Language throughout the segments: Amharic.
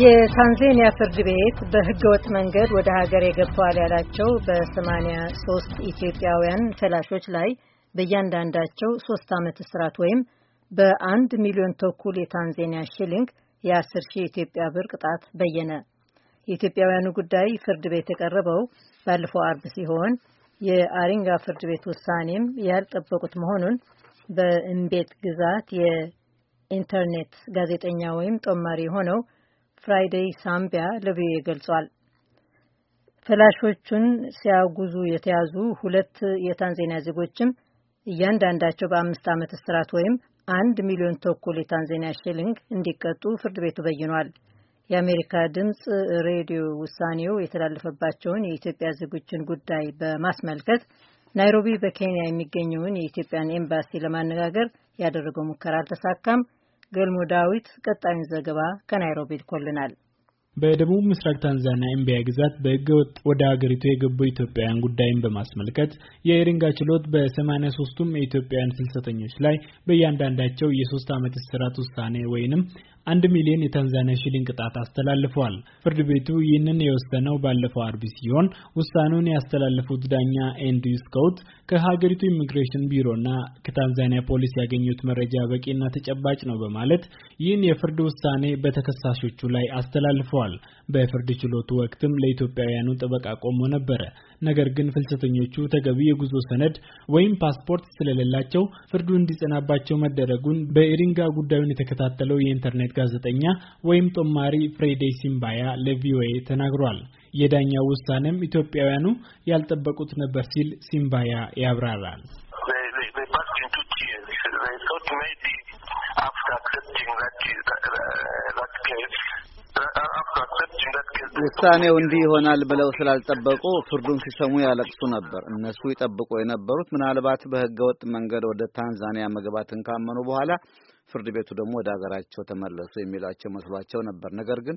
የታንዛኒያ ፍርድ ቤት በህገወጥ መንገድ ወደ ሀገር የገባዋል ያላቸው በ ሶስት ኢትዮጵያውያን ፈላሾች ላይ በእያንዳንዳቸው ሶስት ዓመት እስራት ወይም በአንድ ሚሊዮን ተኩል የታንዛኒያ ሽሊንግ የአስር ሺህ ኢትዮጵያ ብር ቅጣት በየነ። የኢትዮጵያውያኑ ጉዳይ ፍርድ ቤት የቀረበው ባለፈው አርብ ሲሆን የአሪንጋ ፍርድ ቤት ውሳኔም ያልጠበቁት መሆኑን በእምቤት ግዛት የኢንተርኔት ጋዜጠኛ ወይም ጦማሪ የሆነው ፍራይዴይ ሳምቢያ ለቪኦኤ ገልጿል። ፈላሾቹን ሲያጉዙ የተያዙ ሁለት የታንዛኒያ ዜጎችም እያንዳንዳቸው በአምስት ዓመት እስራት ወይም አንድ ሚሊዮን ተኩል የታንዛኒያ ሺሊንግ እንዲቀጡ ፍርድ ቤቱ በይኗል። የአሜሪካ ድምፅ ሬዲዮ ውሳኔው የተላለፈባቸውን የኢትዮጵያ ዜጎችን ጉዳይ በማስመልከት ናይሮቢ በኬንያ የሚገኘውን የኢትዮጵያን ኤምባሲ ለማነጋገር ያደረገው ሙከራ አልተሳካም። ገልሞ ዳዊት ቀጣዩን ዘገባ ከናይሮቢ ልኮልናል። በደቡብ ምስራቅ ታንዛኒያ ኤምቢያ ግዛት በህገ ወጥ ወደ ሀገሪቱ የገቡ ኢትዮጵያውያን ጉዳይን በማስመልከት የኢሪንጋ ችሎት በሰማኒያ ሶስቱም የኢትዮጵያውያን ፍልሰተኞች ላይ በእያንዳንዳቸው የሶስት ዓመት እስራት ውሳኔ ወይንም አንድ ሚሊዮን የታንዛኒያ ሺሊንግ ቅጣት አስተላልፏል። ፍርድ ቤቱ ይህንን የወሰነው ባለፈው አርብ ሲሆን ውሳኔውን ያስተላለፉት ዳኛ ኤንድሪው ስኮት ከሀገሪቱ ኢሚግሬሽን ቢሮና ከታንዛኒያ ፖሊስ ያገኙት መረጃ በቂና ተጨባጭ ነው በማለት ይህን የፍርድ ውሳኔ በተከሳሾቹ ላይ አስተላልፈዋል። በፍርድ ችሎቱ ወቅትም ለኢትዮጵያውያኑ ጥበቃ ቆሞ ነበረ። ነገር ግን ፍልሰተኞቹ ተገቢ የጉዞ ሰነድ ወይም ፓስፖርት ስለሌላቸው ፍርዱ እንዲጸናባቸው መደረጉን በኢሪንጋ ጉዳዩን የተከታተለው የኢንተርኔት የመጽሔት ጋዜጠኛ ወይም ጦማሪ ፍሬዴ ሲምባያ ለቪኦኤ ተናግሯል። የዳኛው ውሳኔም ኢትዮጵያውያኑ ያልጠበቁት ነበር ሲል ሲምባያ ያብራራል። ውሳኔው እንዲህ ይሆናል ብለው ስላልጠበቁ ፍርዱን ሲሰሙ ያለቅሱ ነበር። እነሱ ይጠብቁ የነበሩት ምናልባት በህገወጥ ወጥ መንገድ ወደ ታንዛኒያ መግባትን ካመኑ በኋላ ፍርድ ቤቱ ደግሞ ወደ ሀገራቸው ተመለሱ የሚሏቸው መስሏቸው ነበር። ነገር ግን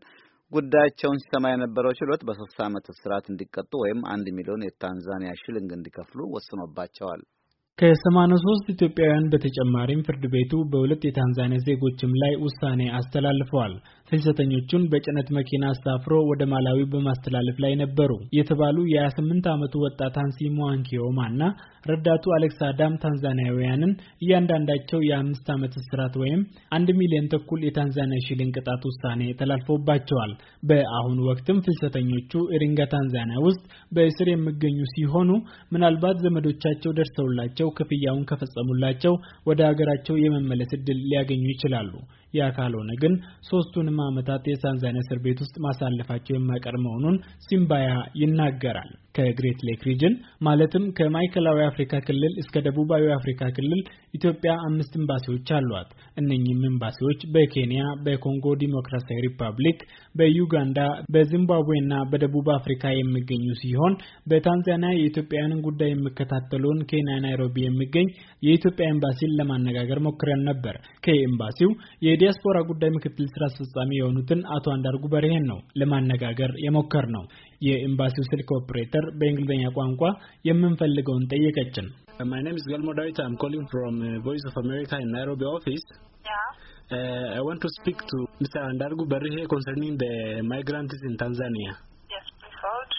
ጉዳያቸውን ሲሰማ የነበረው ችሎት በሶስት ዓመት እስራት እንዲቀጡ ወይም አንድ ሚሊዮን የታንዛኒያ ሽልንግ እንዲከፍሉ ወስኖባቸዋል። ከሰማንያ ሶስት ኢትዮጵያውያን በተጨማሪም ፍርድ ቤቱ በሁለት የታንዛኒያ ዜጎችም ላይ ውሳኔ አስተላልፈዋል። ፍልሰተኞቹን በጭነት መኪና አሳፍሮ ወደ ማላዊ በማስተላለፍ ላይ ነበሩ የተባሉ የ28 ዓመቱ ወጣት ሃንሲ ሙዋንኪዮማ እና ረዳቱ አሌክስ አዳም ታንዛኒያውያንን እያንዳንዳቸው የአምስት ዓመት እስራት ወይም አንድ ሚሊዮን ተኩል የታንዛኒያ ሺሊንግ ቅጣት ውሳኔ ተላልፎባቸዋል። በአሁኑ ወቅትም ፍልሰተኞቹ ኢሪንጋ ታንዛኒያ ውስጥ በእስር የሚገኙ ሲሆኑ ምናልባት ዘመዶቻቸው ደርሰውላቸው ክፍያውን ከፈጸሙላቸው ወደ ሀገራቸው የመመለስ እድል ሊያገኙ ይችላሉ። ያ ካልሆነ ግን ሶስቱን ለረጅም ዓመታት የታንዛኒያ እስር ቤት ውስጥ ማሳለፋቸው የማይቀር መሆኑን ሲምባያ ይናገራል። ከግሬት ሌክ ሪጅን ማለትም ከማዕከላዊ አፍሪካ ክልል እስከ ደቡባዊ አፍሪካ ክልል ኢትዮጵያ አምስት ኤምባሲዎች አሏት። እነኚህም ኤምባሲዎች በኬንያ፣ በኮንጎ ዲሞክራሲያዊ ሪፐብሊክ፣ በዩጋንዳ፣ በዚምባብዌና በደቡብ አፍሪካ የሚገኙ ሲሆን በታንዛኒያ የኢትዮጵያውያንን ጉዳይ የሚከታተለውን ኬንያ ናይሮቢ የሚገኝ የኢትዮጵያ ኤምባሲን ለማነጋገር ሞክረን ነበር። ከኤምባሲው የዲያስፖራ ጉዳይ ምክትል ስራ አስፈጻሚ የሆኑትን አቶ አንዳርጉ በርሄን ነው ለማነጋገር የሞከር ነው። የኤምባሲው ስልክ ኦፕሬተር በእንግሊዝኛ ቋንቋ የምንፈልገውን ጠየቀችን። My name is Galmo Dawit. I'm calling from uh, Voice of America in Nairobi office. Yeah. Uh, I want to speak to Mr. Andargu Barrihe concerning the migrants in Tanzania. Yes, please hold.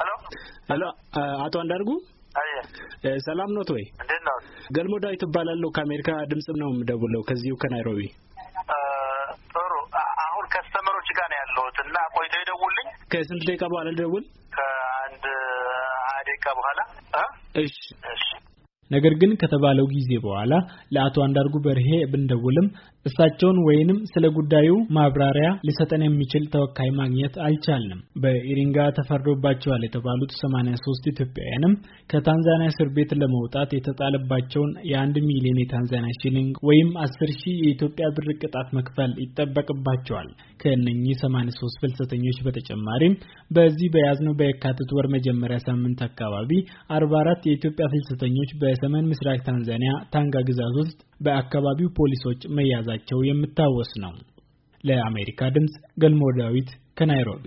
Hello? Hello, uh, አቶ አንዳርጉ ሰላም ኖት ወይ? እንዴት ነው? ገልሞ ዳዊት እባላለሁ ከአሜሪካ ድምጽ ነው የምደውለው ከዚሁ ከናይሮቢ ከስንት ደቂቃ በኋላ ልደውል? ከአንድ ሀያ ደቂቃ በኋላ። እሺ ነገር ግን ከተባለው ጊዜ በኋላ ለአቶ አንዳርጉ በርሄ ብንደውልም እሳቸውን ወይንም ስለ ጉዳዩ ማብራሪያ ሊሰጠን የሚችል ተወካይ ማግኘት አልቻልንም። በኢሪንጋ ተፈርዶባቸዋል የተባሉት 83 ኢትዮጵያውያንም ከታንዛኒያ እስር ቤት ለመውጣት የተጣለባቸውን የአንድ ሚሊዮን የታንዛኒያ ሺሊንግ ወይም 10 ሺህ የኢትዮጵያ ብር ቅጣት መክፈል ይጠበቅባቸዋል። ከእነኚህ 83 ፍልሰተኞች በተጨማሪም በዚህ በያዝነው በየካቲት ወር መጀመሪያ ሳምንት አካባቢ 44 የኢትዮጵያ ፍልሰተኞች በ በሰሜን ምስራቅ ታንዛኒያ ታንጋ ግዛት ውስጥ በአካባቢው ፖሊሶች መያዛቸው የሚታወስ ነው። ለአሜሪካ ድምፅ ገልሞ ዳዊት ከናይሮቢ